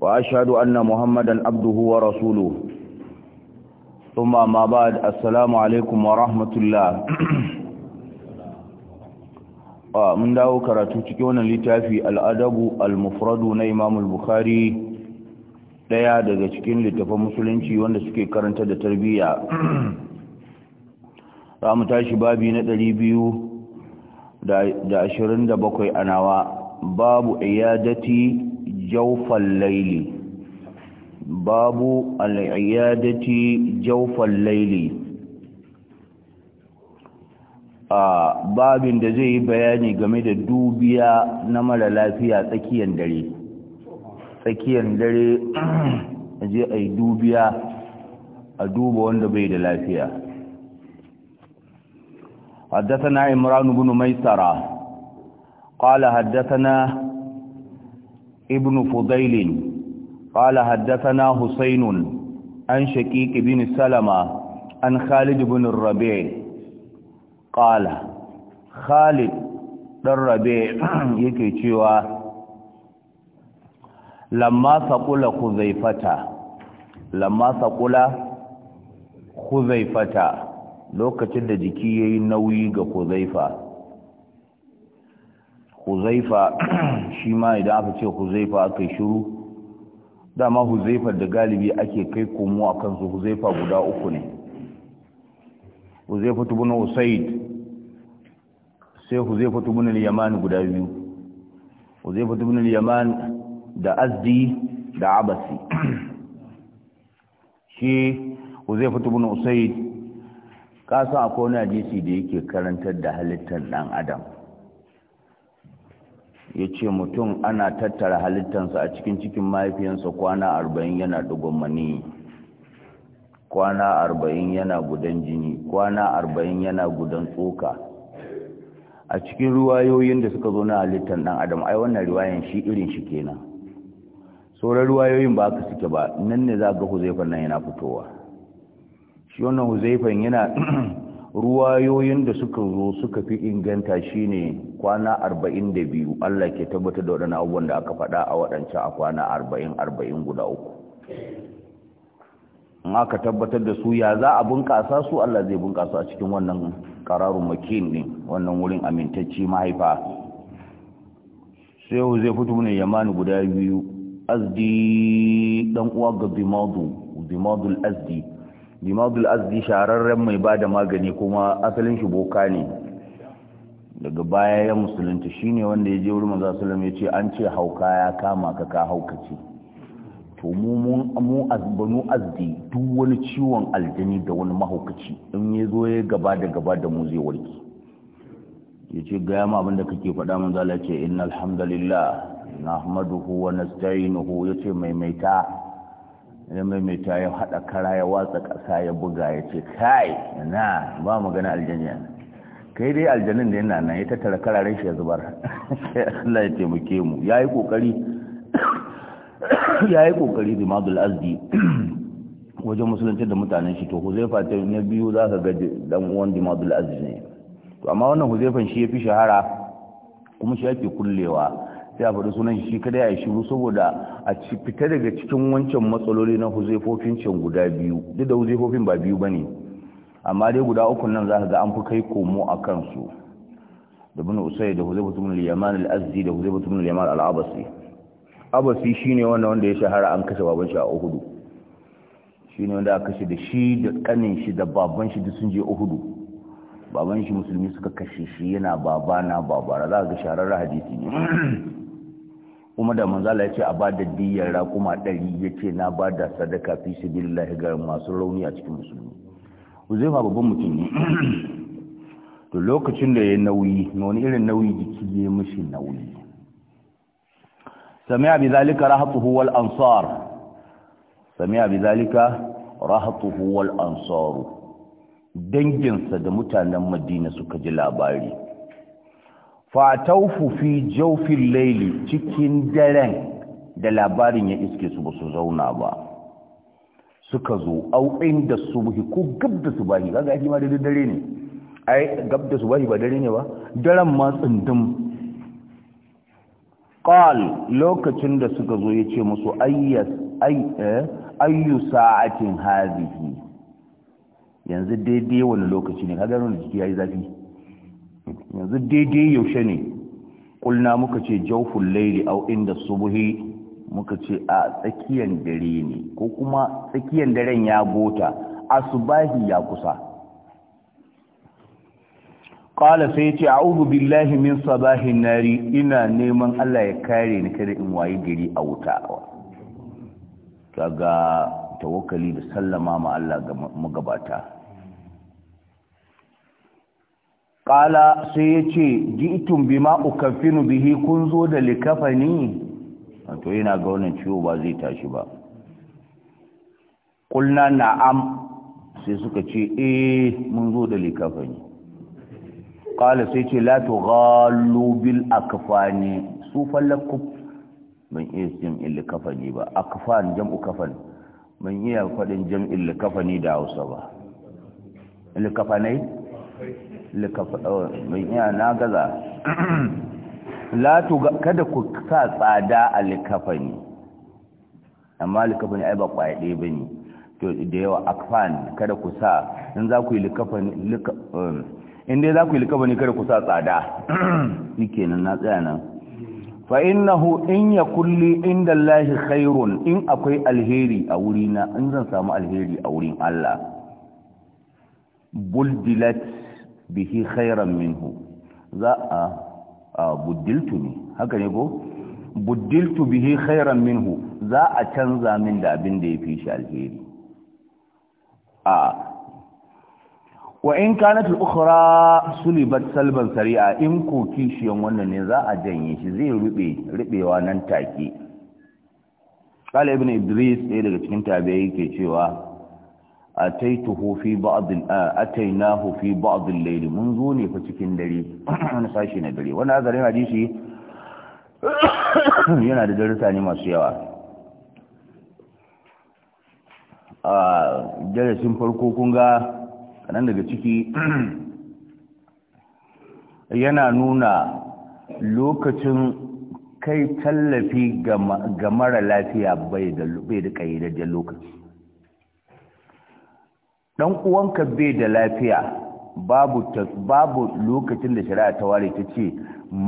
وأشهد أن محمدا عبده ورسوله ثم ما بعد السلام عليكم ورحمة الله من داو كراتو تكون لتافي الأدب المفرد نيمام البخاري daya daga cikin littafin musulunci wanda suke karanta da tarbiyya za mu tashi babi na 227 a nawa babu iyadati jaufan laili babu al'iyadati jaufan laili a babin da zai yi bayani game da dubiya na mara lafiya tsakiyar dare tsakiyar dare je a yi dubiya a duba wanda bai da lafiya حدثنا عمران بن kala قال حدثنا ابن فضيل قال حدثنا حسين عن شقيق بن سلمة عن خالد بن الربيع قال خالد بن الربيع yake cewa lamma saqula khuzaifata lamma saqula khuzaifata lokacin da jiki yayi nauyi ga Kuzaifa. huzaifa shi ma idan aka ce huzaifa aka yi shiru dama huzaifa da galibi ake kai komo a kansu huzaifa guda uku ne huzaifa tubuna usaid sai huzaifa tubuna yaman guda biyu huzaifa tubuna yaman da azdi da abasi shi huzaifa tubuna usaid kasan akwai wani ajiyar da yake karantar da halittar dan adam ya ce mutum ana tattara halittansa a cikin cikin mahaifiyansa kwana arba'in yana ɗigon mani kwana arba'in yana gudan jini kwana arba'in yana gudan tsoka a cikin ruwayoyin da suka zo na halittar ɗan adam ai wannan ruwayan shi irin shi kenan sauran ruwayoyin ba aka suke ba nan ne za ga huzaifan nan yana fitowa shi wannan huzaifan yana ruwayoyin da suka zo suka fi inganta shi ne kwana da biyu. Allah ke tabbatar da waɗannan abubuwan da aka faɗa a waɗancan a kwana 40 40 guda uku in aka tabbatar da su ya za a bunƙasa su Allah zai bunƙasa a cikin wannan ƙararun makin ɗin wannan wurin amintacci mahaifa sai zai fito mana yamani guda biyu azdi ɗan uwa ga bimadu bimadul azdi limadul azdi shahararren mai ba da magani kuma asalin shi boka ne daga baya ya musulunta shi ne wanda ya je wurin maza sulam ya ce an ce hauka ya kama ka ka haukace to mu mu azbanu azdi duk wani ciwon aljini da wani mahaukaci in ya zo ya gaba da gaba da mu zai warki ya ce gaya ma abinda kake faɗa mun zala ce innal hamdalillah nahmaduhu wa nasta'inuhu yace maimaita mai maimaita ya haɗa kara ya watsa ƙasa ya buga ya ce kai na ba magana aljanya kai dai aljanin da yana nan ya tattara kararen shi ya zubar Allah ya taimake mu ya yi ƙoƙari ya yi ƙoƙari azdi wajen musulunci da mutanen shi to huzaifa ta na biyu za ka ga dan uwan dimadul azdi ne to amma wannan huzaifan shi ya fi shahara kuma shi ke kullewa sai a faɗi sunan shi kada ya shiru saboda a fita daga cikin wancan matsaloli na huzaifofin can guda biyu duk da huzaifofin ba biyu ba ne amma dai guda uku nan za ka ga an fi kai komo a kansu da bin usai da huzaifatu bin liyaman al'azzi da huzaifatu bin liyaman al'abasi abasi shi ne wanda wanda ya shahara an kashe baban shi a uhudu shi ne wanda aka kashe da shi da kanin shi da baban shi duk sun je uhudu baban shi musulmi suka kashe shi yana babana babara za ka ga shahararra hadisi ne kuma da manzo ya ce a ba da diyyar raƙuma ɗari ya ce na ba da sadaka fi sabilillah ga masu rauni a cikin musulmi uzaifa babban mutum ne to lokacin da ya nauyi wani irin nauyi jiki ya mishi nauyi sami'a bi zalika rahatuhu wal ansar sami'a bi zalika rahatuhu wal ansar danginsa da mutanen madina suka ji labari fataufu fi jaufin laili cikin daren da labarin ya iske su ba su zauna ba suka zo auɗin da subuhi ko gab da subahi ga gaji ma da dare ne ai gab da subahi ba dare ne ba daren ma tsindin qal lokacin da suka zo ya ce musu ayyas ay eh, ayyu sa'atin hadhihi yanzu daidai wani lokaci ne kaga ran da yi zafi yanzu daidai yaushe ne kulna muka ce jawful laili au inda subhi muka ce a tsakiyar dare ne ko kuma tsakiyar daren ya gota asubahi ya kusa qala sai yace a'udhu billahi min sabahin nari ina neman Allah ya kare ni kada in wayi gari a wuta kaga tawakali da sallama ma Allah ga magabata ƙala sai ya ce ji'itun bi ma'ukafinu bihi kun zo da likafani wato yana ga wannan ciwo ba zai tashi ba ƙulna na'am sai suka ce eh mun zo da ni. ƙala sai ce Lati tughallu bil ni, su fallakuf ban iya jam'in ni ba ni jam'u kafan ban iya faɗin jam'in ni da Hausa ba Oh, na gaza latu kada ku sa tsada a likafani amma likafani ai ba kwaya ɗaya ba ne to da yawa akfan kada ku sa in za ku yi likafani um, in dai za ku yi likafani kada ku sa tsada nike nan na tsaya nan fa in ya kulli inda Allah khairun in akwai alheri a wurina in zan samu alheri a wurin Allah buldilat bihi khairan minhu za a buddiltu ne haka ne ko buddiltu bihi khairan minhu za a canza min da abin da ya fi shi alheri a wa in kanat al-ukhra sulibat salban sari'a in ko kishiyan wannan ne za a janye shi zai rube rubewa nan take qala ibn idris ɗaya daga cikin tabi'i ke cewa ataituhu fi ba'd atainahu fi ba'd al mun zo ne fa cikin dare wani sashi na dare wannan azarin hadisi yana da darasa ne masu yawa a darasin farko kun ga kanan daga ciki yana nuna lokacin kai tallafi ga mara lafiya bai da da lokaci dan uwanka bai da lafiya babu babu lokacin da shari'a ta ware ta ce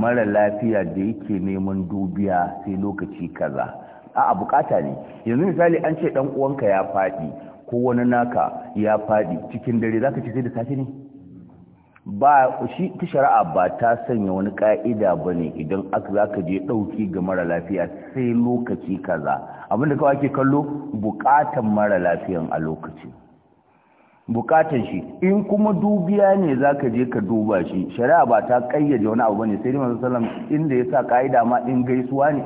mara lafiya da yake neman dubiya sai lokaci kaza 'a bukata ne yanzu misali an ce dan uwanka ya fadi ko wani naka ya fadi cikin dare zaka ce sai da safe ne ba shi ta shari'a ba ta sanya wani ka'ida bane idan aka zaka je dauki ga mara lafiya sai lokaci kaza abinda kawai ake kallo bukatan mara lafiyan a lokacin bukatan shi in kuma dubiya ne zaka je ka duba shi shari'a ba ta kayyade wani abu bane sai manzo sallam inda ya sa kaida ma in gaisuwa ne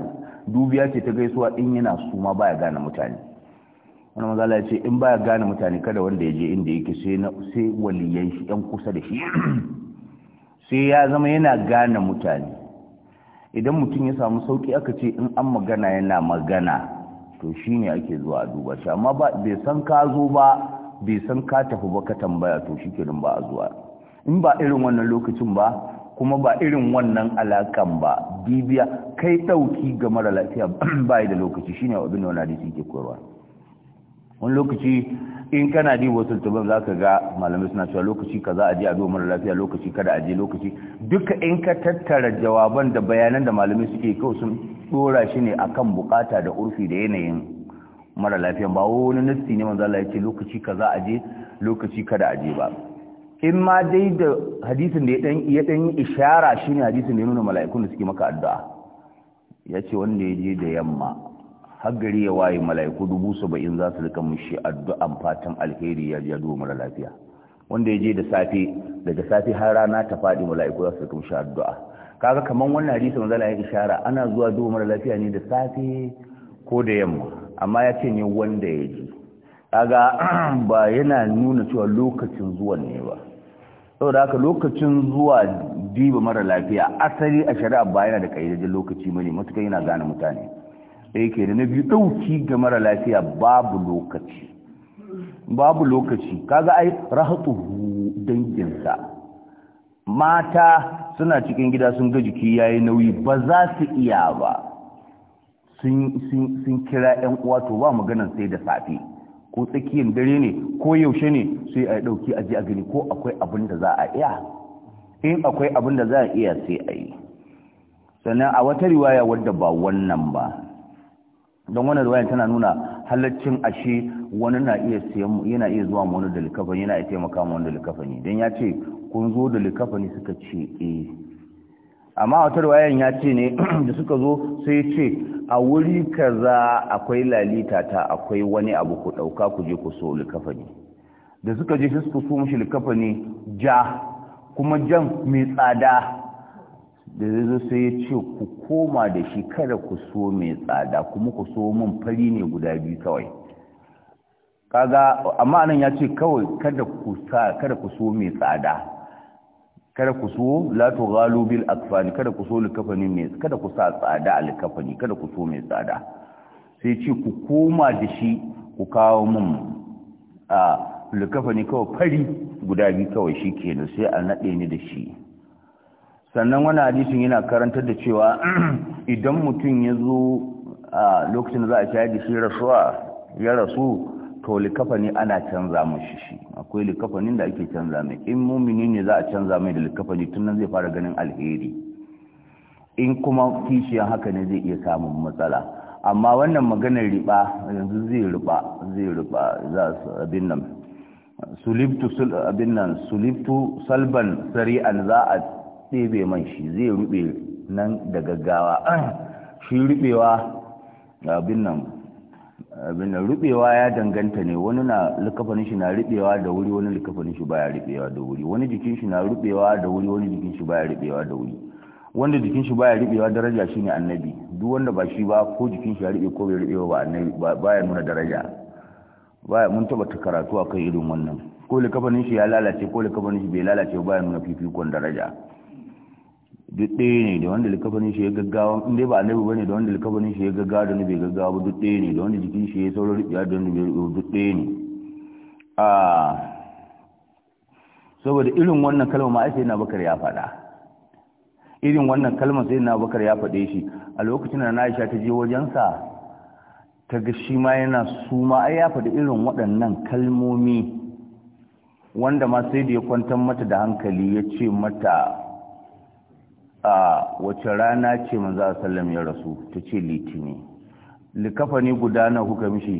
dubiya ce ta gaisuwa in yana su ma baya gane mutane wani mazala ya ce in baya gane mutane kada wanda ya je inda yake sai na waliyan shi yan kusa da shi sai ya zama yana gane mutane idan mutum ya samu sauki aka ce in an magana yana magana to shine ake zuwa a duba shi amma ba bai san ka zo ba bai san ka tafi ba ka tambaya to shikenan ba a zuwa in ba irin wannan lokacin ba kuma ba irin wannan alakan ba bibiya kai dauki ga mara lafiya bai da lokaci shine abin da wani hadisi yake koyarwa wani lokaci in kana di wasu tuban za ka ga malamai suna cewa lokaci ka za a je a mara lafiya lokaci kada a je lokaci duka in ka tattara jawaban da bayanan da malamai suke kawai sun dora shi ne akan bukata da urfi da yanayin mara lafiyan ba wani nufi ne manzala ya ce lokaci kaza a je lokaci kada a je ba in ma dai da hadisin da ya dan yi ishara ishara shine hadisin da ya nuna mala'ikun da suke maka addu'a ya ce wanda ya je da yamma har gari ya waye mala'iku dubu saba'in za su rika mushi addu'an fatan alheri ya ji mara lafiya wanda ya je da safe daga safe har rana ta faɗi mala'iku za su rika mushi addu'a kaga kaman wannan hadisi manzo ya ishara ana zuwa duba mara lafiya ne da safe ko da yamma amma ya ce ne wanda ya ji kaga ba yana nuna cewa lokacin zuwan ne ba saboda haka lokacin zuwa diba mara lafiya asali a shari'a ba yana da kayyadajin lokaci mane matukan yana gane mutane sai ke da na biyu ɗauki ga mara lafiya babu lokaci babu lokaci kaga ai rahatu danginsa mata suna cikin gida sun ga jiki yayi nauyi ba za su iya ba sun kira 'yan uwa to ba maganan sai da safe ko tsakiyar dare ne ko yaushe ne sai a ɗauki a ji a gani ko akwai abin da za a iya in akwai abin da za a iya sai a yi sannan a wata riwaya wadda ba wannan ba don wannan riwaya tana nuna halaccin ashe wani na iya yana iya zuwa mu wani da likafani yana iya taimaka mu wani da likafani don ya ce kun zo da likafani suka ce eh amma wata riwaya ya ce ne da suka zo sai ya ce a wuri kaza akwai lalita ta akwai wani abu ku dauka ku je ku so likafani da suka je su so mushi likafani ja kuma jan mai tsada da zai sai ya ce ku koma da shi kada ku so mai tsada kuma ku so mun fari ne guda biyu kawai kaga amma anan ya ce kawai kada ku kada ku so mai tsada kada ku so la tughalu bil akfani kada ku so likafani mai kada ku sa tsada likafani kada ku so mai tsada sai ce ku koma da shi ku kawo mun a likafani kawai fari guda biyu kawai shi kenan sai a nade ni da shi sannan wani hadisin yana karantar da cewa idan mutum ya zo a lokacin za a shayar shi rasuwa ya rasu to likafani ana canza mashi shi akwai likafanin da ake canza mai in mumini ne za a canza mai da likafani tun nan zai fara ganin alheri in kuma kishiyan haka ne zai iya samun matsala amma wannan maganar riba yanzu zai riba zai riba za su abin nan sulibtu abin nan sulibtu salban sari'an za a ɗebe man shi zai rube nan da gaggawa shi rubewa abin nan abin rubewa ya danganta ne wani na likafanin shi na rubewa da wuri wani likafanin shi baya rubewa da wuri wani jikin shi na rubewa da wuri wani jikin shi baya rubewa da wuri wanda jikin shi baya rubewa daraja shine annabi duk wanda ba shi ba ko jikin shi ya rube ko bai rubewa ba annabi baya nuna daraja baya mun taba ta karatu akan irin wannan ko likafanin shi ya lalace ko likafanin shi bai lalace ba baya nuna fifikon daraja duk ɗaya ne da wanda likafanin shi ya gaggawa in dai ba annabi bane da wanda likafanin shi ya gaggawa da nabi bai gaggawa ba duk ɗaya ne da wanda jikin shi ya saurin rubiya da wanda bai rubiya duk ɗaya ne a saboda irin wannan kalma ma sai na bakar ya faɗa irin wannan kalma sai na bakar ya faɗe shi a lokacin da na Aisha ta je wajensa ta ga shi ma yana su ma ai ya faɗi irin waɗannan kalmomi wanda ma sai da ya kwantar mata da hankali ya ce mata a wace rana ce manzo sallam ya rasu ta ce litini likafani guda na kuka mishi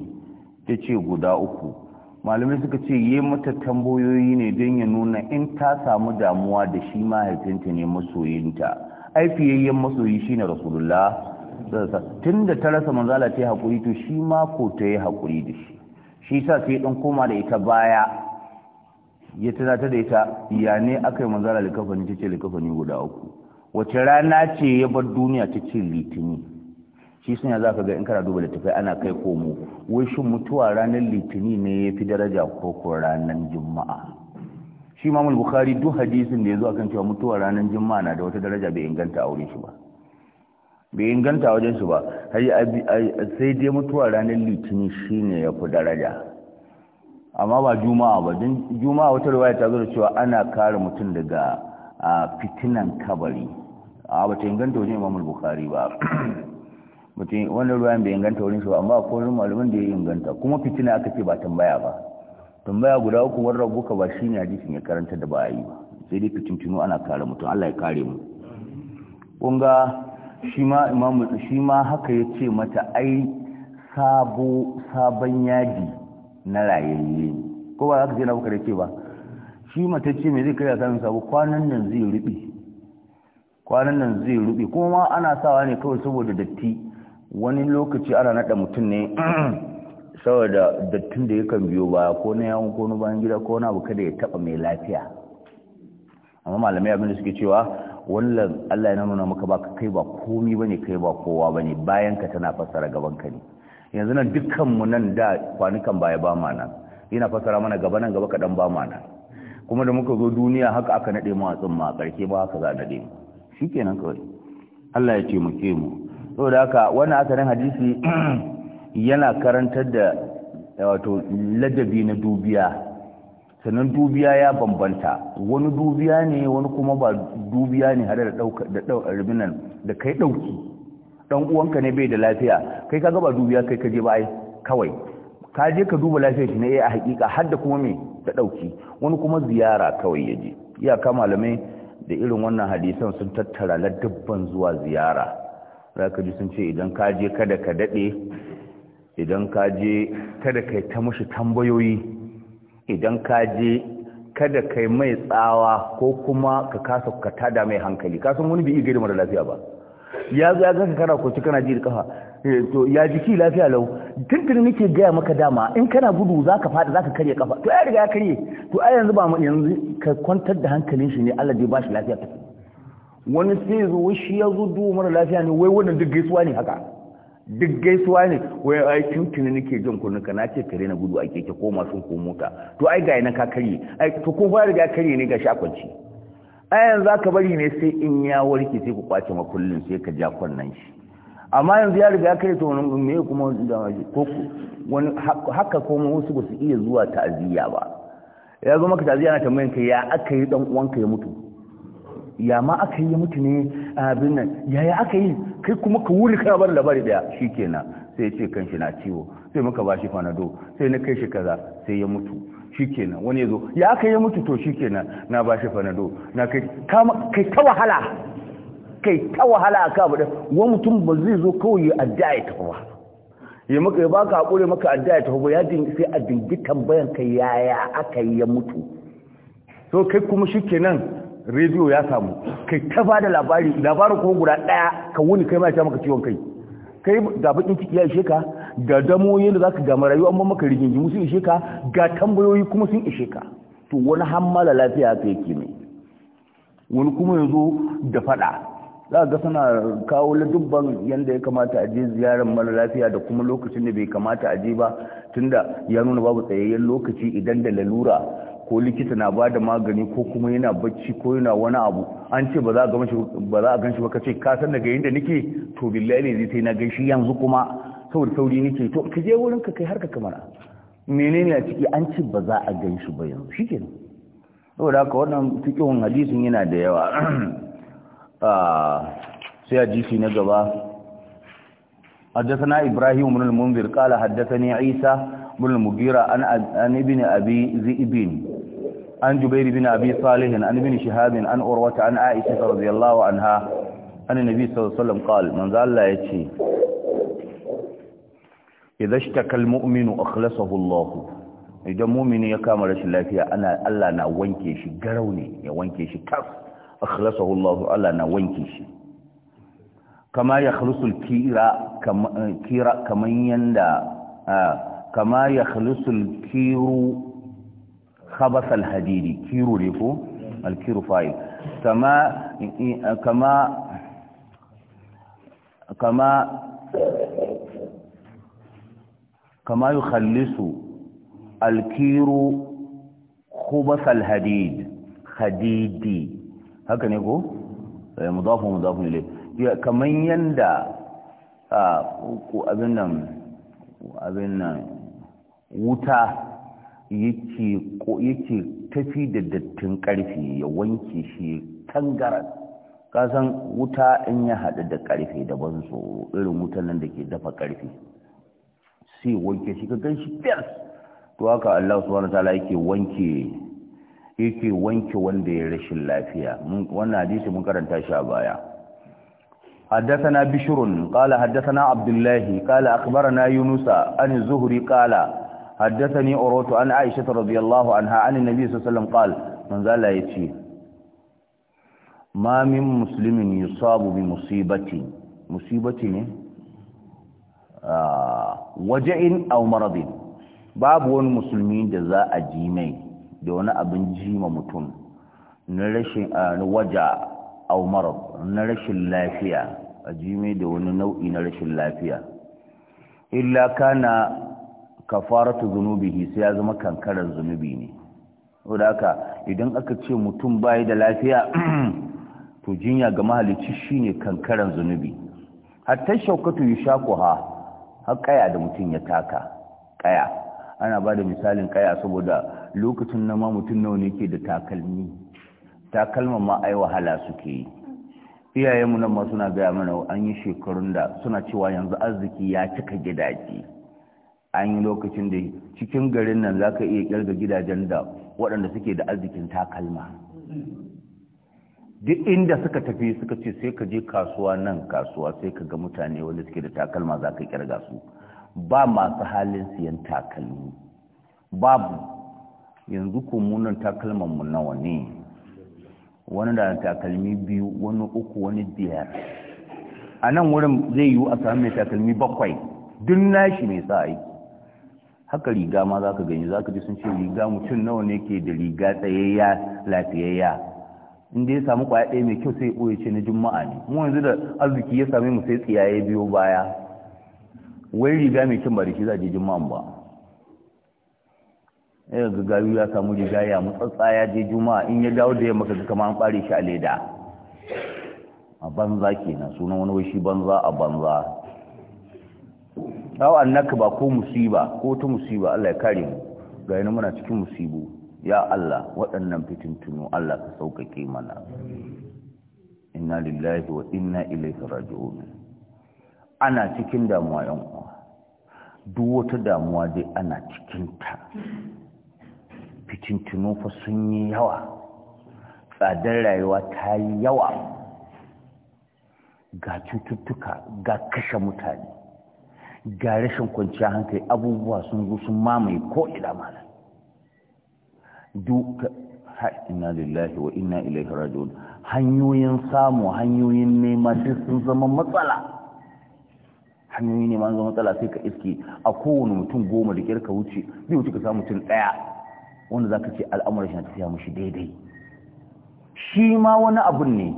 ta ce guda uku malamai suka ce yi mata tambayoyi ne don ya nuna in ta samu damuwa da shi mahaifinta ne masoyinta ai fiyayyen masoyi shine rasulullah tun da ta rasa manzala ta yi haƙuri to shi ma ko ta yi haƙuri da shi shi sa sai ɗan koma da ita baya ya tunatar da ita ya ne aka yi manzala likafani ta ce likafani guda uku wace rana ce ya bar duniya ta ce litini shi suna za ka ga in kana duba littafai ana kai komo wai shin mutuwa ranar litini ne ya fi daraja ko ranar juma'a shi mamul bukhari duk hadisin da ya zo akan cewa mutuwa ranar juma'a na da wata daraja bai inganta aure shi ba bai inganta wajen shi ba sai dai mutuwa ranar litini shine ya fi daraja amma ba juma'a ba juma'a wata riwaya ta zo da cewa ana kare mutum daga fitinan kabari ba ta inganta wajen imam bukhari ba mutum wannan ruwan bai inganta wurin shi ba amma akwai wurin malamin da ya inganta kuma fitina aka ce ba tambaya ba tambaya guda uku war rabuka ba shine hadisin ya karanta da ba yi ba sai dai fitintinu ana kare mutum Allah ya kare mu kun ga shi ma imam shi ma haka ya ce mata ai sabo sabon yaji na rayayye ko ba za ka ce na bukar ce ba shi mata ce me zai kare samun sabo kwanan nan zai rubi kwanan nan zai rube kuma ma ana sawa ne kawai saboda datti wani lokaci ana nada mutum ne saboda dattin da yakan biyo baya ko na yawon ko na bayan gida ko na abu kada ya taba mai lafiya amma malamai abin da suke cewa wallan Allah ya nuna maka ba kai ba komi bane kai ba kowa bane bayan ka tana fassara gaban ka ne yanzu nan dukkan mu nan da kwanukan baya ba ma nan yana fassara mana gaba nan gaba kadan ba ma nan kuma da muka zo duniya haka aka nade mu a tsumma a karke ba haka za a nade mu shikenan kawai Allah ya ce mu ke mu saboda haka wannan asarin hadisi yana karantar da eh, wato ladabi na dubiya sannan dubiya ya bambanta wani dubiya ne wani kuma ba dubiya ne hada da dauka da daukarbin da kai dauki dan uwanka ne bai da lafiya kai kaga ba dubiya kai kaje ba ai kawai ka je ka duba lafiyar shi ne eh, a hakika har da kuma me da dauki wani kuma ziyara kawai yaje iya ka malamai da irin wannan hadisan sun tattara dubban zuwa ziyara za ka ji sun ce idan ka je kada ka daɗe idan ka je kada ka ta mashi tambayoyi idan ka je kada kai mai tsawa ko kuma ka kasa ka tada mai hankali kasan wani bai iya gaida mara lafiya ba ya zo ya ganka kana kwanci kana ji da kafa Eh, to ya jiki lafiya lau tuntun nake gaya maka dama in kana gudu za ka fada za ka karye kafa to ya riga ya karye to ai yanzu ba mu yanzu ka kwantar da hankalin shi ne Allah zai ba shi lafiya ta wani sai zo shi ya zo duwa mara lafiya ne wai wannan duk gaisuwa ne haka duk gaisuwa ne wai ai tuntun nake jin kunnuka na ce kare na gudu a keke ko masu ko mota to ai ga na ka karye ai to ko fa riga karye ne ga shi a kwanci Ai yanzu za ka bari ne sai in ya warke sai ku kwace makullin sai ka ja kwannan shi amma yanzu ya riga kai to me kuma da waje ko wani haka ko wasu ba su iya zuwa ta'aziyya ba ya zo maka ta'aziyya na tambayan kai ya aka yi dan uwanka ya mutu ya ma aka yi ya mutu ne abin nan ya ya aka yi kai kuma ka wuri kana bar labari daya shikenan sai ya ce shi na ciwo sai muka bashi fanado sai na kai shi kaza sai ya mutu shikenan wani ya zo ya aka yi mutu to shikenan na bashi fanado na kai kai ta wahala kai ta wahala a kabu da wani mutum ba zai zo kawai ya addu'a ya tafi ba ya maka ya baka haƙure maka adda ya tafi ba ya sai a dingi bayan ka yaya aka yi ya mutu so kai kuma shi nan rediyo ya samu kai ta ba da labari labarin kuma guda ɗaya ka wuni kai ma ya maka ciwon kai kai ga bakin ciki ya ishe ka ga damoyin da za ka gama rayuwa amma maka rigingimu sun ishe ka ga tambayoyi kuma sun ishe ka to wani hammala lafiya ta yake mai wani kuma yanzu da fada za ga suna kawo ladubban yadda ya kamata a je ziyarar mara lafiya da kuma lokacin da bai kamata a je ba tunda ya nuna babu tsayayyen lokaci idan da lalura ko likita na ba da magani ko kuma yana bacci ko yana wani abu an ce ba za a gan shi ba ka ce ka san daga yadda nake to billahi ne zai sai na gaishe yanzu kuma saboda sauri nake to ka je wurin ka kai harka kamar menene a ciki an ce ba za a gan shi ba yanzu shikenan saboda haka wannan cikin hadisin yana da yawa sai hadisi na gaba حدثنا إبراهيم بن المنذر قال حدثني عيسى بن المغيرة عن, عن ابن أبي ذئب عن جبير بن أبي صالح عن ابن شهاب عن أروة عن عائشة رضي الله عنها عن النبي صلى الله عليه وسلم قال من ذا الله يتشي إذا اشتكى المؤمن أخلصه الله إذا مؤمن يكامل رشي الله فيها أنا ألا أنا وانكي شي قروني يا وانكي شي كفر akhlasahu Allah Allah na wanke shi kama ya khulusul kira kira kaman yanda kama ya khulusul kiru khabas alhadidi kiru ne ko alkiru fa'il kama kama kama kama yukhallisu alkiru khubas alhadid hadidi haka ne ko mudafu mudafu ne kamar yanda ko abin nan abin nan wuta yake ko yake tafi da dattin karfi ya wanke shi tangaran kasan wuta in ya haɗu da karfe daban so irin wutan nan da ke dafa karfe sai wanke shi ka gan shi to haka Allah subhanahu wataala yake wanke yake wanke wanda ya rashin lafiya wannan hadisi mun karanta shi a baya حدثنا بشر قال حدثنا عبد الله قال أخبرنا يونس عن الزهري قال حدثني أروت عن عائشة رضي الله عنها عن النبي صلى الله عليه وسلم قال من ذا لا يتي ما من مسلم يصاب بمصيبة مصيبة آه وجع أو مرض باب ون مسلمين جزاء جيمين da wani abin jima mutum na rashin waja au na rashin lafiya a jime da wani nau'i na rashin lafiya illa kana kafaratu zunubi sai ya zama kankarar zunubi ne saboda haka idan aka ce mutum bayi da lafiya to jinya ga mahalicci shine kankarar zunubi hatta shaukatu ku har kaya da mutum ya taka kaya ana ba da misalin kaya saboda lokacin na ma mutum nawa ne ke da takalmi Takalma ma ai wahala suke yi iyayenmu nan ma suna gaya mana an yi shekarun da suna cewa yanzu arziki ya cika gidaje an yi lokacin da cikin garin nan za ka iya kirga gidajen da waɗanda suke da arzikin takalma duk inda suka tafi suka ce sai ka je kasuwa nan kasuwa sai ka ga mutane wanda suke da takalma za ka kirga su ba masu halin siyan takalmi babu yanzu kumunan takalmanmu nawa ne wani da takalmi biyu wani uku wani biyar a nan wurin zai yiwu a samu mai takalmi bakwai duk nashi mai sa aiki haka riga ma za ka gani za ka ji sun ce riga mutum nawa ne ke da riga tsayayya lafiyayya inda ya samu kwaya ɗaya mai kyau sai ya ɓoye ce na juma'a ne mu yanzu da arziki ya sami mu sai tsiyaye biyo baya wai riga mai kyan ba da shi za a je juma'a ba ya ga gayu ya samu riga ya mutsatsa ya je juma'a in ya dawo da yamma kaga kamar an bare shi a leda a banza kenan sunan wani wai shi banza a banza dawo annaka ba ko musiba ko ta musiba Allah ya kare mu ga yana muna cikin musibu ya Allah waɗannan fitintunu Allah ka sauƙaƙe mana inna lillahi wa inna ilaihi raji'un ana cikin damuwa yan uwa duk wata damuwa dai ana cikin ta fitintunu fa sun yi yawa tsadar rayuwa ta yi yawa ga cututtuka ga kashe mutane ga rashin kwanciyar hankali abubuwa sun zo sun mamaye ko ila malam duka inna lillahi wa inna ilaihi raji'un hanyoyin samu hanyoyin nema duk sun zama matsala hanyoyin neman zama matsala sai ka iske a kowane mutum goma da kirka wuce zai wuce ka samu mutum daya wanda za ka ce al'amuran shi na tafiya mashi daidai shi ma wani abun ne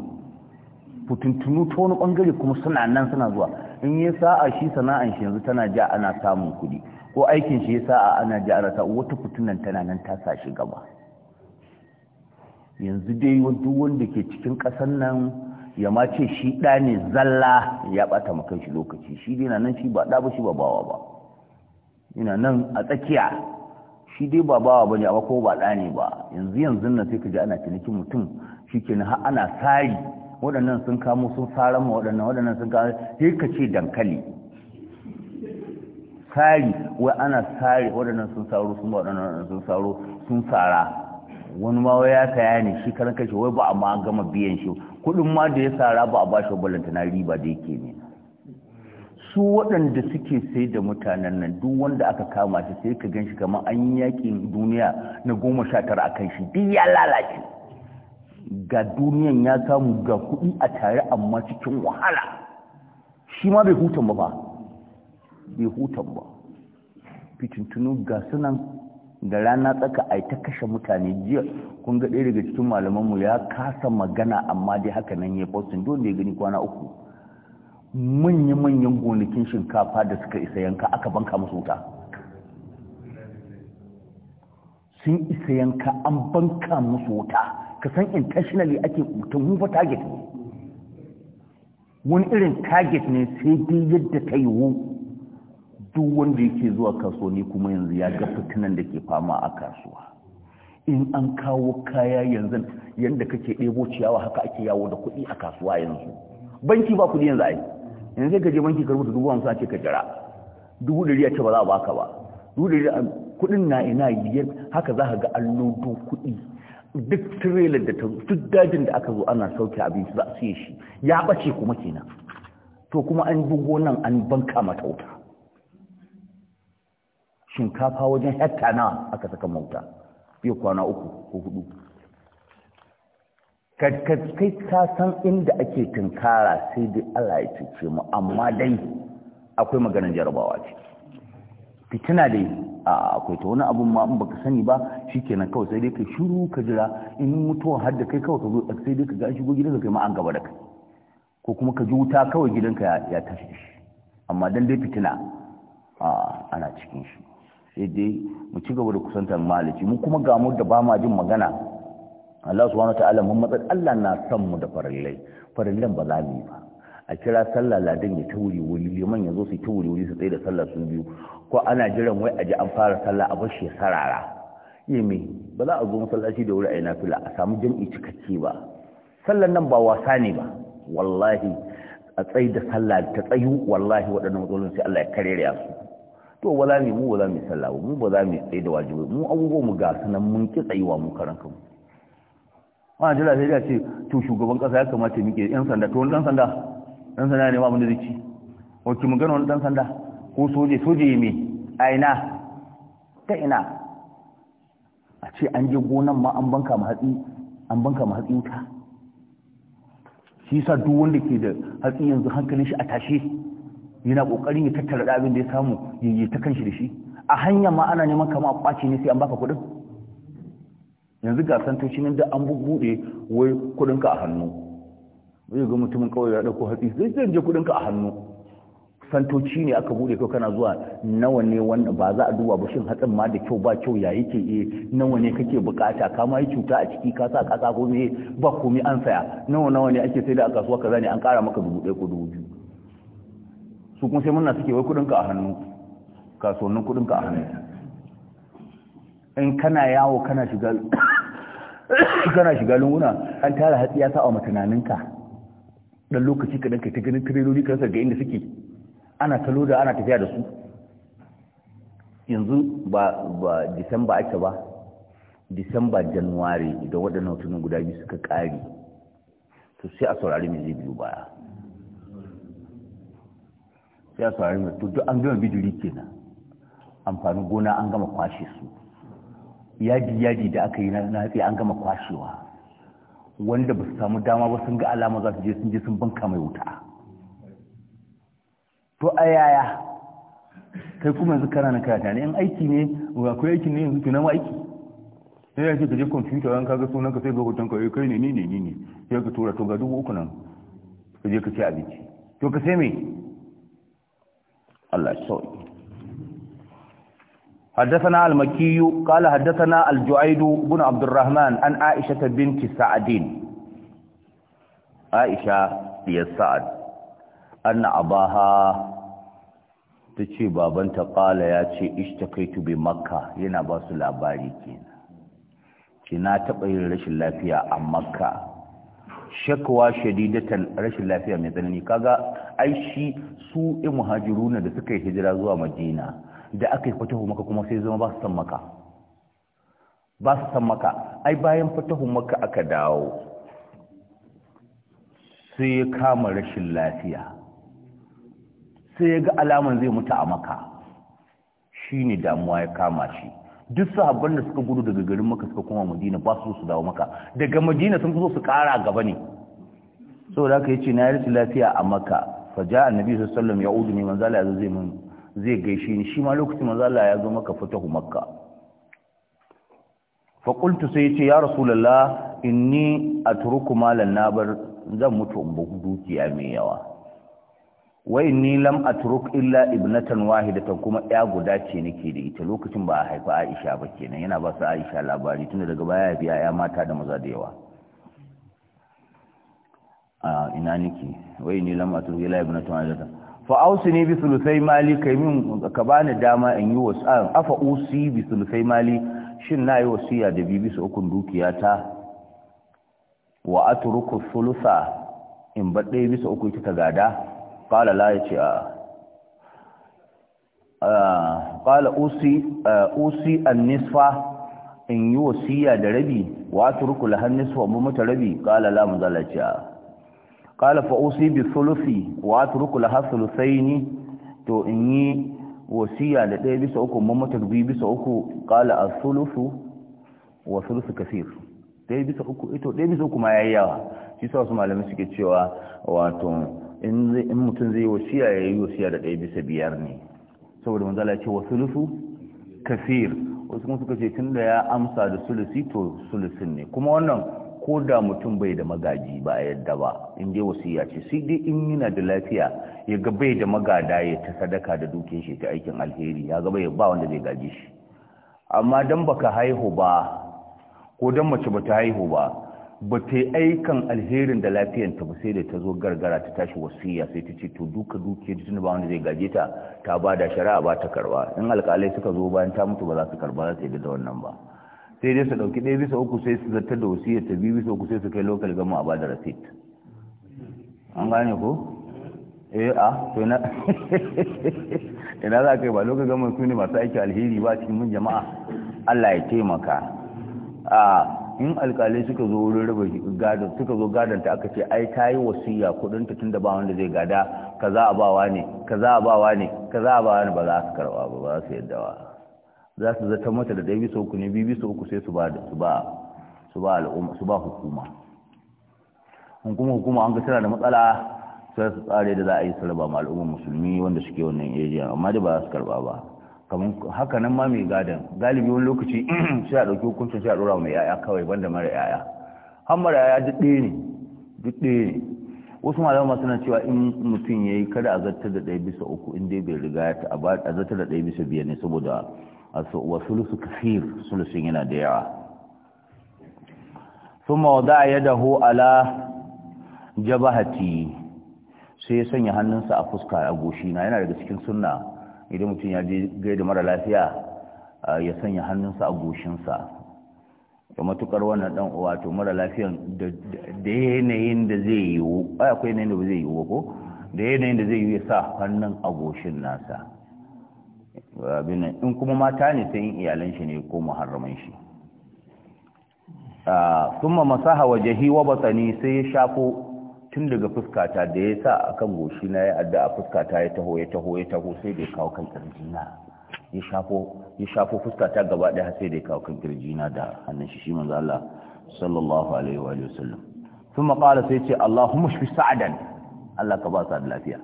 fitintunu ta wani ɓangare kuma suna nan suna zuwa in yi sa'a shi sana'an shi yanzu tana ja ana samun kuɗi ko aikin shi ya sa'a ana ja ana samun wata fitunan tana nan ta sa shi gaba yanzu dai duk wanda ke cikin ƙasan nan ya mace ce shi ɗa ne zalla ya ɓata makan shi lokaci shi dai na nan shi ba ɗa ba shi ba bawa ba ina nan a tsakiya shi dai ba bawa bane amma ko ba da ne ba yanzu yanzu nan sai kaje ana cinikin mutum shikenan har ana sari waɗannan sun kamo sun saran ma waɗannan waɗannan sun kamo sai ka ce dankali sari wai ana sari waɗannan sun saro sun waɗannan sun saro sun sara wani ma ya saya ne shi karan kashi wai ba a ma gama biyan shi kuɗin ma da ya sara ba a ba shi balanta riba da yake ne su waɗanda suke sai da mutanen nan duk wanda aka kama shi sai ka gan shi kamar an yaƙin duniya na goma sha tara a kan shi duk ya lalace ga duniyan ya samu ga kuɗi a tare amma cikin wahala shi ma bai hutan ba ba bai hutan ba fitintunu ga sunan da rana tsaka a ta kashe mutane jiya kun ga ɗaya daga cikin malamanmu ya kasa magana amma dai haka nan ya faustin dole ya gani kwana uku manya-manyan gonakin shinkafa da suka isa yanka aka banka musu wuta sun isa yanka an banka musu wuta ka san intentionally ake mutum hufa target ne wani irin target ne sai dai yadda ta yiwu duk wanda yake zuwa kasuwa, kuma yanzu ya ga fitinan da ke fama a kasuwa in an kawo kaya yanzu yadda kake ɗebo ciyawa haka ake yawo da kuɗi a kasuwa yanzu banki ba kuɗi yanzu ai yanzu sai ka je banki ka rubuta dubu hamsin a ce ka jira dubu ɗari a ce ba za a baka ba dubu ɗari kuɗin na ina biyar haka za ka ga allodo kuɗi duk trailer da ta duk dajin da aka zo ana sauke abinci za a siye shi ya ɓace kuma kenan to kuma an dubu nan an banka mata wuta shinkafa wajen hekta nawa aka saka mauta bai kwana uku ko hudu kai ka san inda ake tunkara sai dai Allah ya cece mu amma dai akwai maganar jarabawa ce fitina dai akwai ta wani abun ma in baka sani ba shikenan kawai sai dai ka shiru ka jira in mutuwa har da kai kawai ka zo sai dai ka ga shigo gidanka kai ma an gaba da kai ko kuma ka ji wuta kawai gidanka ya tashi amma dan dai fitina ana cikin shi sai dai mu ci gaba da kusantar malici mu kuma ga mu da ba ma jin magana Allah subhanahu ta'ala mun matsa Allah na son mu da farillai farillan ba za mu yi ba a kira sallah ladan ya ta wuri wuri liman ya zo su ta wuri wuri su tsaye da sallah su biyu ko ana jiran wai a ji an fara sallah a bashi ya sarara yimi ba za a zo masallaci da wuri a yi nafila a samu jam'i cikakke ba sallan nan ba wasa ne ba wallahi a tsayi da sallah ta tsayu wallahi waɗannan matsalolin sai Allah ya karere su to wala ne mu wala mu sallah mu ba za mu tsaye da wajibi mu abubuwa mu ga sanan mun ki tsayuwa mu karan kanmu ma jira sai da ce to shugaban kasa ya kamata mike yan sanda to wani dan sanda dan sanda ne ma abin da zai ci wace magana wani dan sanda ko soje soje mai a ina ta ina a ce an je gonan ma an banka mu hatsi an banka mu hatsi ta shi yasa duk wanda ke da hatsi yanzu hankalin shi a tashe yana kokarin ya tattara abin da ya samu ya ta kanshi da shi a hanya ma ana neman kama a kwace ne sai an baka kuɗin yanzu ga santoci nan da an buɗe wai kuɗinka a hannu zai ga mutumin kawai ya ɗauko hatsi zai zai je kuɗinka a hannu santoci ne aka buɗe kawai kana zuwa nawa ne wanda ba za a duba ba shin hatsin ma da kyau ba kyau ya yake eh nawa ne kake bukata ka ma yi cuta a ciki ka sa kasa ko me ba komai an saya nawa nawa ne ake sai da a kasuwa kaza ne an kara maka dubu ɗaya ko dubu biyu su kuma sai muna suke wai kuɗinka a hannu kasuwannin kuɗinka a hannu in kana yawo kana shiga kana shiga lunguna an tara hatsi ya sa'a matunaninka dan lokaci kadan kai ta ganin tireloli kan ga inda suke ana talo da ana tafiya da su yanzu ba ba disamba ake ba disamba january idan waɗannan hotunan guda biyu suka kare to sai a saurari mai zai biyu baya sai a saurari mai to duk an gama bidiri kenan amfanin gona an gama kwashe su yaji yaji da aka yi na hatsi an gama kwashewa wanda ba su samu dama ba sun ga alama za su je sun je sun banka mai wuta to a yaya kai kuma yanzu kana na karata ne in aiki ne akwai aiki ne yanzu tunan aiki sai ya ce ka je kwamfuta wani kaga sunan ka sai ga hoton ka eh, kai ne ne ne ne ne sai ka tura to ga dubu uku nan ka je ka ce abinci to ka sai me Allah ya sauke حدثنا المكي قال حدثنا الجعيد بن عبد الرحمن عن عائشة بنت سعد عائشة بن سعد أن أباها تشي بابنت قال يا شي اشتقيت بمكة ينا باس الأباري كينا كنا تقيل رش اللافية عن مكة shakwa shadidatan rashin lafiya mai tsanani kaga ai shi su muhajiruna da suka yi hijira zuwa madina da aka yi fatahu maka kuma sai zama ba su san maka ba su san maka ai bayan fatahu maka aka dawo sai ya kama rashin lafiya sai ya ga alaman zai mutu a maka shi ne damuwa ya kama shi duk sahabban da suka gudu daga garin maka suka koma madina ba su su dawo maka daga madina sun fi so su kara gaba ne saboda haka ce na yi rashin lafiya a maka faja annabi sallallahu alaihi wasallam ya udu ne manzala ya zai mun zai gaishe ni shi ma lokacin manzo Allah ya zo maka fatahu makka fa qultu sai yace ya rasulullah inni atruku malan nabar zan mutu in bugu dukiya mai yawa wa inni lam atruk illa ibnatan wahidatan kuma ya guda ce nake da ita lokacin ba a haifa Aisha ba kenan yana ba su Aisha labari tunda daga baya biya ya mata da maza da yawa a ina nake wa inni lam atruk illa ibnatan wahidatan fa ne bi sulusai mali kai min ka bani dama in yi wasu afa usi bi sulusai mali shin na yi wasiya da bibi su ukun dukiya ta wa atruku sulusa in bar ɗaya su uku kika gada qala la yace a qala usi usi an-nisfa in yi wasiya da rabi wa atruku lahan nisfa mu mata rabi qala la mu muzalaja qala fa usi bi thuluthi wa atruku laha thuluthaini to in yi wasiya da ɗaya bisa uku mamata biyu bisa uku qala as wa thuluthu kaseer ɗaya bisa uku ito eh ɗaya bisa uku ma yayi yawa shi sa wasu malamai suke cewa wato in mutum zai wasiya ya yi wasiya da ɗaya bisa biyar ne saboda manzala ya ce wa sulusu kafir wasu kuma suka ce tun da ya amsa da sulusi to sulusin ne kuma wannan ko da mutum bai da magaji ba a yadda ba in dai wasiya ce sai dai in yana da lafiya ya ga bai da magada ya ta sadaka da dukin shi ta aikin alheri ya ga bai ba wanda zai gaji shi amma dan baka haihu ba ko dan mace bata haihu ba ba ta yi aikan alherin da lafiyan ta ba sai da ta zo gargara ta tashi wasiya sai ta ce to duka dukiyar tun ba wanda zai gaje ta ta ba da shari'a ba ta karba in alkalai suka zo bayan ta mutu ba za su karba za su yi da wannan ba sai dai su ɗauki ɗaya bisa uku sai su zartar da wasiyar ta biyu bisa uku sai su kai lokal gama a ba da rasit an gane ko eh a ah, to ina ina za ka yi ba lokal gama su ne masu aiki alheri ba cikin mun jama'a Allah ya taimaka a ah, in alkalai suka zo wurin raba gadon suka zo gadon ta aka ce ai ta yi wasiya kudin ta tunda ba wanda zai gada kaza a bawa ne kaza a bawa ne kaza a bawa ne ba za ka karba ba ba za su yadda ba za su zata mata da ɗaya bisa uku ne biyu bisa uku sai su ba su ba al'umma su ba hukuma hukuma hukuma an ga tana da matsala sai su tsare da za a yi su ma al'ummar musulmi wanda suke wannan area amma da ba su karba ba kamar haka nan ma mai gadon galibi wani lokaci sai a ɗauki hukuncin sai a ɗora mai yaya kawai banda mara yaya har mara yaya duk ɗaya ne duk ɗaya ne wasu malama suna cewa in mutum ya yi kada a zartar da ɗaya bisa uku in dai bai riga ya ta a zartar da ɗaya bisa biyar ne saboda وثلث كثير ثلث هنا ديعة ثم وضع يده ala jabahati sai ya sanya hannunsa a fuska a goshina yana daga cikin sunna idan mutum ya je gaida mara lafiya ya sanya hannunsa a goshinsa da matukar wannan dan uwa to mara lafiyan da yanayin da zai yiwu ai akwai yanayin da zai yiwu ko da yanayin da zai yi ya sa hannun a goshin nasa in kuma mata ne sai yin iyalan shi ne ko muharraman shi kuma ah, masaha wajhi wa batni sai ya shafo tun daga fuskata da ya sa akan goshi na ya adda a fuskata ya taho ya taho ya taho sai da ya kawo kan kirjina ya shafo ya shafo fuskata gaba ɗaya sai da ya kawo kan kirjina da hannun shi shi manzo Allah sallallahu alaihi wa alihi wasallam thumma sai ce Allahumma shfi sa'dan Allah ka ba sa lafiya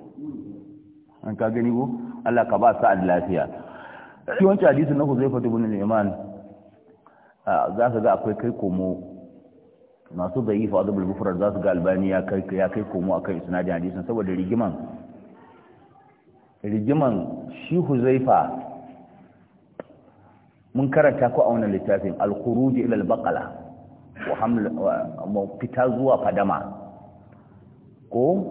an ka gani ko Allah ka ba sa'ad lafiya shi wancan hadisun na Huzaifa ibn al iman za su ga akwai kai komo masu zaifa azabul mufrad za su ga albani ya kai komo kai kan akan isnadin saboda rigiman rigiman shi Huzaifa mun karanta ko a wannan littafin al kuruji Ilal baqala wa fita zuwa fadama ko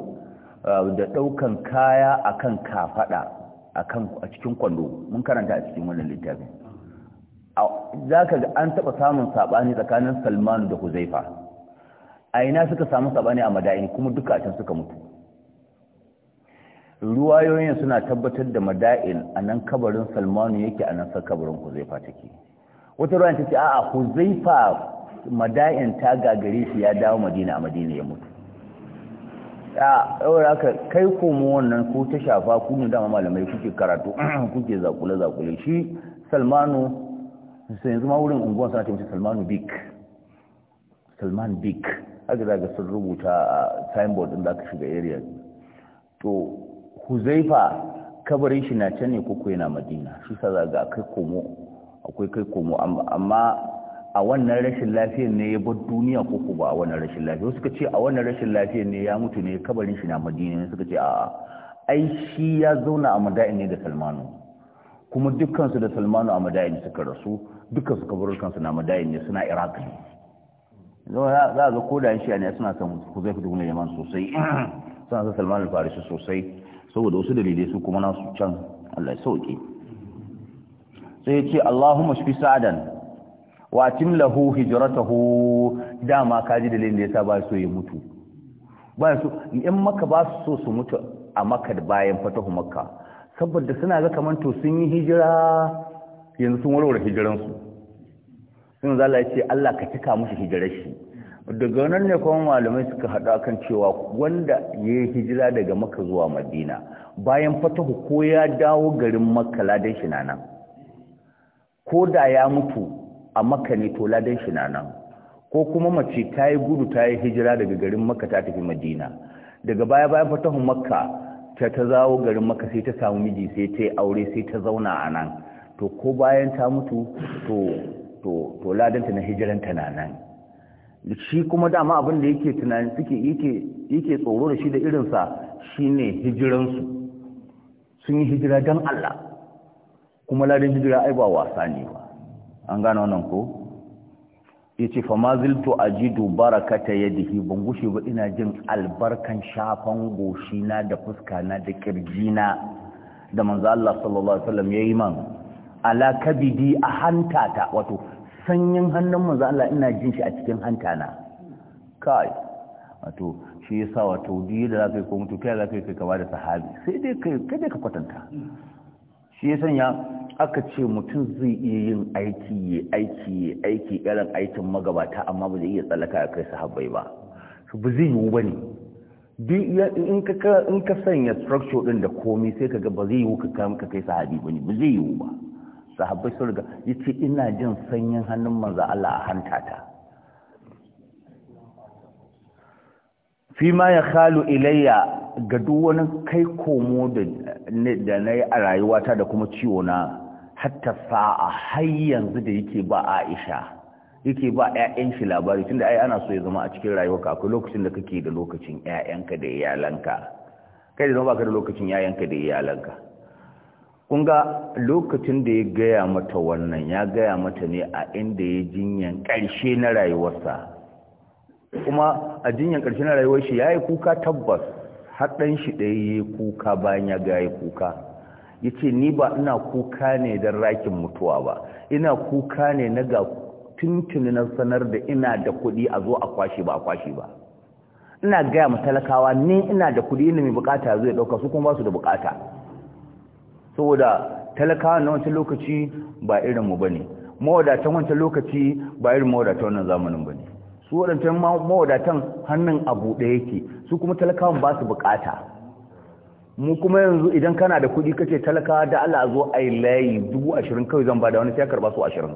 da daukan kaya akan kafada Akan a cikin kwando mun karanta a cikin wannan littafin za ga an taɓa samun sabani tsakanin salmanu da huzaifa a ina suka samu sabani a madaini kuma duka a can suka mutu ruwayoyin suna tabbatar da mada'in anan kabarin salmanu yake anan sa kabarin huzaifa take wata ruwan ta ce a'a huzaifa mada'in ta gagare shi ya dawo madina a madina ya mutu ya ɗaura aka kai komo wannan ko ta shafa kunu dama malamai kuke karatu kuke zakule-zakule shi salmanu sai zama wurin unguwan sana ta mace salmanu bik salman bik haka za ka sun rubuta a signboard inda da aka shiga area to huzaifa kabarin shi na can ne koko yana madina shi sa za kai komo akwai kai komo amma a wannan rashin lafiyar ne ya bar duniya ko ko ba a wannan rashin lafiyar suka ce a wannan rashin lafiyar ne ya mutu ne kabarin shi na madina suka ce a ai shi ya zauna a mada'in ne da salmanu kuma dukkansu da salmanu a mada'in suka rasu dukkan su kansu na mada'in ne suna iraq ne za a ga koda shi ne suna san huzaifu dubna yaman sosai suna san salmanu farisi sosai saboda wasu dalilai su kuma nasu can allah ya sauke sai ya ce allahumma shafi sa'adan wa timlahu hijratahu dama kaji dalilin da yasa ba su yi mutu ba su in maka ba su so su mutu a Makka bayan fatahu makka saboda suna ga kaman to sun yi hijira yanzu sun warware hijiran su sun zalla ya ce Allah ka cika musu hijirar shi daga nan ne kuma malamai suka hada kan cewa wanda ya yi hijira daga makka zuwa madina bayan fatahu ko ya dawo garin makka ladan shi nan ko da ya mutu a makka ne to ladan shi na nan ko kuma mace ta yi gudu ta yi hijira daga garin makka ta tafi madina daga baya bayan fatahun makka ta ta zawo garin makka sai ta samu miji sai ta yi aure sai ta zauna a nan to ko bayan ta mutu to to to ladanta na hijiranta na nan shi kuma dama abin da yake tunani suke yake yake tsoro da shi da irinsa shine hijiransu sun yi hijira don Allah kuma ladan hijira ai ba wasa ne ba an gane wannan ko yace fa maziltu ajidu barakata yadihi ban gushe ba ina jin albarkan shafan goshi na da fuska na da kirji na da manzo Allah sallallahu alaihi wasallam yayi man ala kabidi a hantata wato sanyin hannun manzo Allah ina jin shi a cikin hantana kai wato shi yasa wato duk da zakai ko mutu kai zakai kai kaba da sahabi sai dai kai kai ka kwatanta shi ya sanya aka ce mutum zai iya yin aiki ya aiki ya aiki irin aikin magabata amma ba zai iya tsallaka ya kai sahabbai ba ba zai yiwu ba ne in ka sanya structure din da komi sai ka ga ba zai yiwu ka kai sahabi ba ne ba zai yiwu ba sahabbai sun riga ya ce ina jin sanyin hannun manza Allah a hantata fi ma ya khalu ilayya ga duk wani kai komo da na yi a rayuwata da kuma ciwo na hatta faa har yanzu da yake ba aisha yake ba 'ya'yan shi labari tunda ai ana so ya zama a cikin rayuwarka akwai lokacin da kake da lokacin 'ya'yanka da iyalanka kai da zama baka da lokacin 'ya'yanka da iyalanka kun ga lokacin da ya gaya mata wannan ya gaya mata ne a inda ya jinyan ƙarshe na rayuwarsa kuma a jinyan ƙarshe na rayuwar shi ya yi kuka tabbas haɗan shi ɗaya ya yi kuka bayan ya ga ya kuka ya ce ni ba ina kuka ne don rakin mutuwa ba ina kuka ne na ga tuntuni na sanar da ina da kuɗi a zo a kwashe ba a kwashe ba ina gaya ma talakawa ni ina da kuɗi ina mai bukata zai ɗauka su kuma ba su da bukata saboda talakawa na wancan lokaci ba irin mu ba ne mawadatan wancan lokaci ba irin mawadatan wannan zamanin ba ne. su waɗancan mawadatan hannun abu ɗaya yake su kuma talakawan ba su bukata mu kuma yanzu idan kana da kuɗi kake talaka da Allah zo a layi dubu ashirin kawai zan bada wani sai ya karɓa su ashirin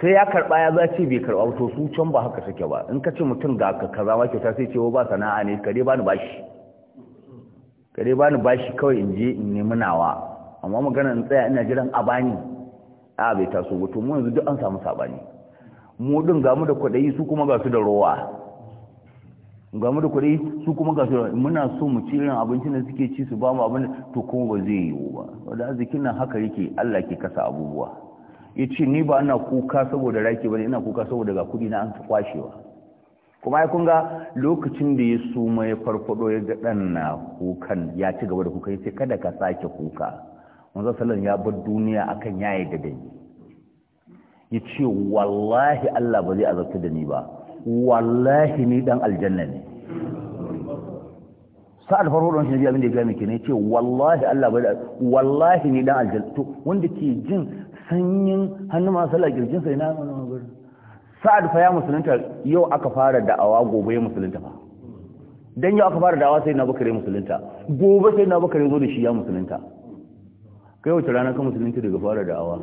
sai ya karɓa ya zace bai karɓa to su can ba haka suke ba in kace mutum ga ka kaza ma kyauta sai ce ba sana'a ne kare ba ni bashi kare ba ni bashi kawai in je in nemi nawa amma magana in tsaya ina jiran a bani a bai taso ba to mu yanzu duk an samu sabani mu din ga mu da kwaɗayi su kuma ga su da rowa ga mu da kudi su kuma ga su muna so mu ci irin abincin da suke ci su ba mu abin to kuma ba zai yiwu ba wanda arzikin nan haka yake Allah ke kasa abubuwa yace ni ba ina kuka saboda raki ba ina kuka saboda ga kudi na an kwashewa kuma ya kunga lokacin da ya suma ya farfado ya ga ɗan na kukan ya ci gaba da kuka ya kada ka sake kuka wanzu salon ya bar duniya akan yayi da dai ya ce wallahi Allah ba zai azabta da ni ba wallahi ni dan aljanna ne sa'ad farko don shi ne abin da ya gami ke ne ce wallahi Allah ba wallahi ni dan aljanna to wanda ke jin sanyin hannu masu sallah girgin sai na mana gurin sa'ad fa ya musulunta yau aka fara da'awa gobe ya musulunta fa dan yau aka fara da'awa sai na bakare musulunta gobe sai na bakare zo da shi ya musulunta kai wata rana ka musulunta daga fara da'awa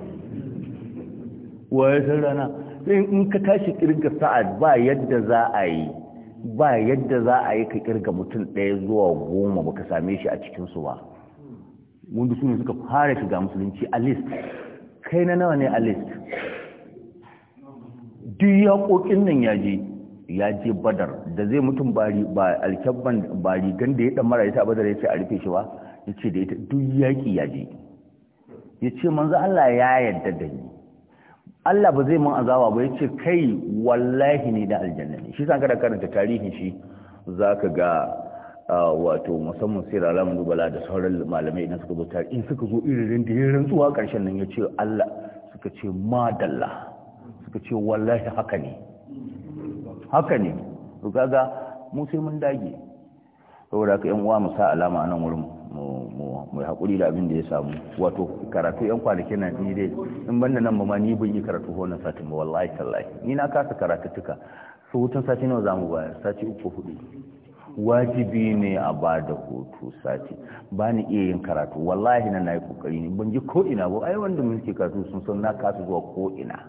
waye san rana sai in ka tashi kirga sa'ad ba yadda za a yi ba yadda za a yi ka kirga mutum ɗaya zuwa goma ba ka same shi a cikin su ba wanda su ne suka fara shiga musulunci a list kai na nawa ne a list duk yaƙoƙin nan ya je ya je badar da zai mutum ba alkyabban ba rigan da ya ɗan mara ita badar ya ce a rufe shi ba ya ce da ita duk yaƙi ya je ya ce manzo Allah ya yarda da ni Allah ba zai mun azaba ba yace kai wallahi ne da aljanna ne shi san da karanta tarihin shi zaka ga wato musamman sai mun dubala da sauran malamai idan suka zo tarihin suka zo irin da yin rantsuwa karshen nan yace Allah suka ce madalla suka ce wallahi haka ne haka ne to kaga mu sai mun dage saboda ka yan uwa mu sa alama a nan wurin mu mu haƙuri da abin da ya samu wato karatu yan kwanakin na ni dai in banda nan ba ma ni ban yi karatu wannan satin ba wallahi tallahi ni na kasa karatuttuka su hutun sati nawa zamu bayar sati uku hudu wajibi ne a ba da hutu sati ba ni iya yin karatu wallahi na na yi kokari ne ban ji ko ina ba ai wanda mun ke karatu sun san na kasa zuwa ko ina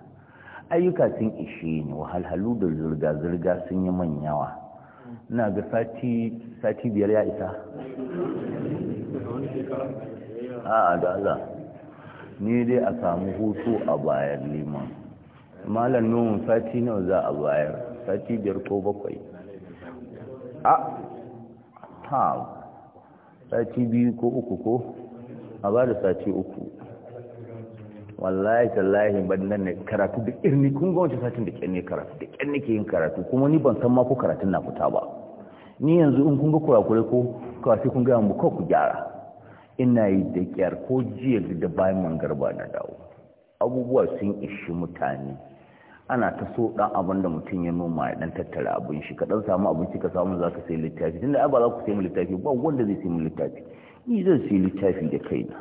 ayyuka sun ishe ni wahalhalu da zirga-zirga sun yi manyawa na ga sati biyar ya isa a'a da Allah ni dai a samu hutu a bayar liman malam nomin sati nawa za a bayar sati biyar ko bakwai a ta sati biyu ko uku ko a ba da sati uku wallahi tallahi ban nan ne karatu da irni kun ga wancan satin da kyanne karatu da kyanne ke yin karatu kuma ni ban san ma ko karatun na fita ba ni yanzu in kun ga kurakurai ko kawai sai kun ga mu ku gyara ina yi da kyar ko jiya da bayan mangarba na dawo abubuwa sun ishi mutane ana ta so dan abin da mutum ya noma ya dan tattara abin shi ka dan samu abinci ka samu za ka sai littafi tunda ai ba za ku sai mu littafi ba wanda zai sai mu littafi ni zan sai littafi da kaina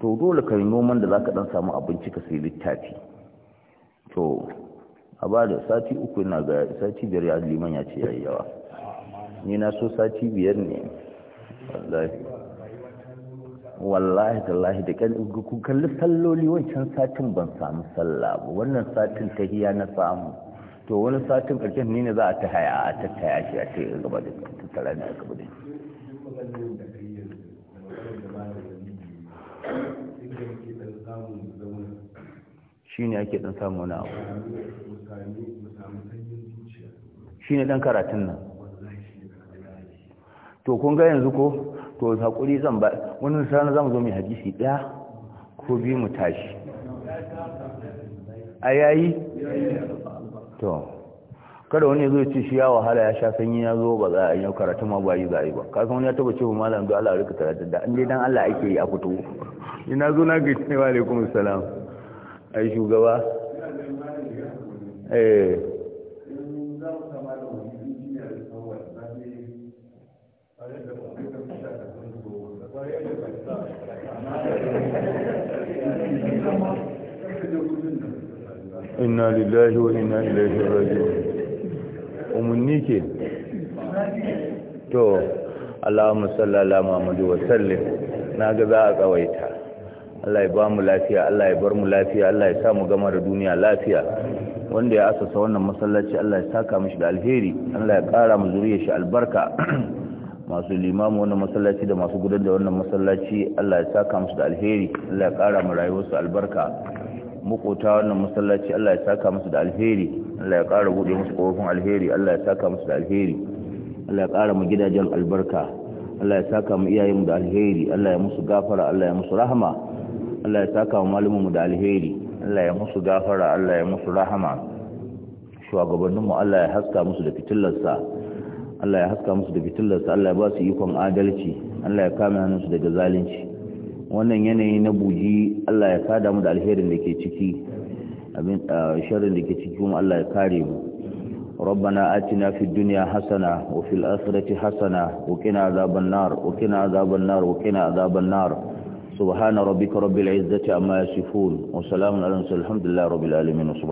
to dole ka yi noman da za ka dan samu abinci ka sai littafi to a ba da sati uku ina ga sati biyar ya liman ya ce yayi yawa ni na so sati biyar ne wallahi wallahi tallahi da kun kalli salloli wancan satin ban samu sallah ba wannan satin hiya na samu to wani satin karshen ne ne za a ta haya a ta tattaya shi a cikin gaba da tattara ne a gaba da shi ne ake dan samu na abu shi ne dan karatun nan to kun ga yanzu ko to hakuri zan ba wani sana zamu zo mai hadisi daya ko bi mu tashi a to kada wani zo ce shi ya wahala ya sha sanyi ya zo ba za a yi karatu ma ba yi za a yi ba kasan wani ya taba ce mu malam don Allah rika karatu da inda dan Allah ake yi a fito ina zo na gaishe wa alaikum salam ai shugaba eh inna lillahi wa inna ilaihi raji'un umunni ke to Allahumma salli ala Muhammadu wa sallim naga za a kawaita Allah ya ba mu lafiya Allah ya bar mu lafiya Allah ya sa mu gama da duniya lafiya wanda ya asasa wannan masallaci Allah ya saka mishi da alheri Allah ya kara mu zuriyar shi albarka masu limamu wannan masallaci da masu gudanar da wannan masallaci Allah ya saka musu da alheri Allah ya kara mu rayuwarsu albarka makota wannan masallaci Allah ya saka musu da alheri Allah ya kara bude musu kofofin alheri Allah ya saka musu da alheri Allah ya kara mu gidajen albarka Allah ya saka mu iyayen mu da alheri Allah ya musu gafara Allah ya musu rahama Allah ya saka mu mu da alheri Allah ya musu gafara Allah ya musu rahama shugabanninmu Allah ya haska musu da fitilarsa Allah ya haska musu da fitilarsa Allah ya ba su ikon adalci Allah ya kame hannunsu daga zalunci wannan yanayi na buji Allah ya kada mu da alherin da ke ciki abin sharrin da ke ciki kuma Allah ya kare mu ربنا آتنا في الدنيا حسنة وفي الآخرة حسنة وقنا عذاب النار وقنا عذاب النار وقنا عذاب النار سبحان ربك رب العزة عما يصفون وسلام على المرسلين الحمد لله رب العالمين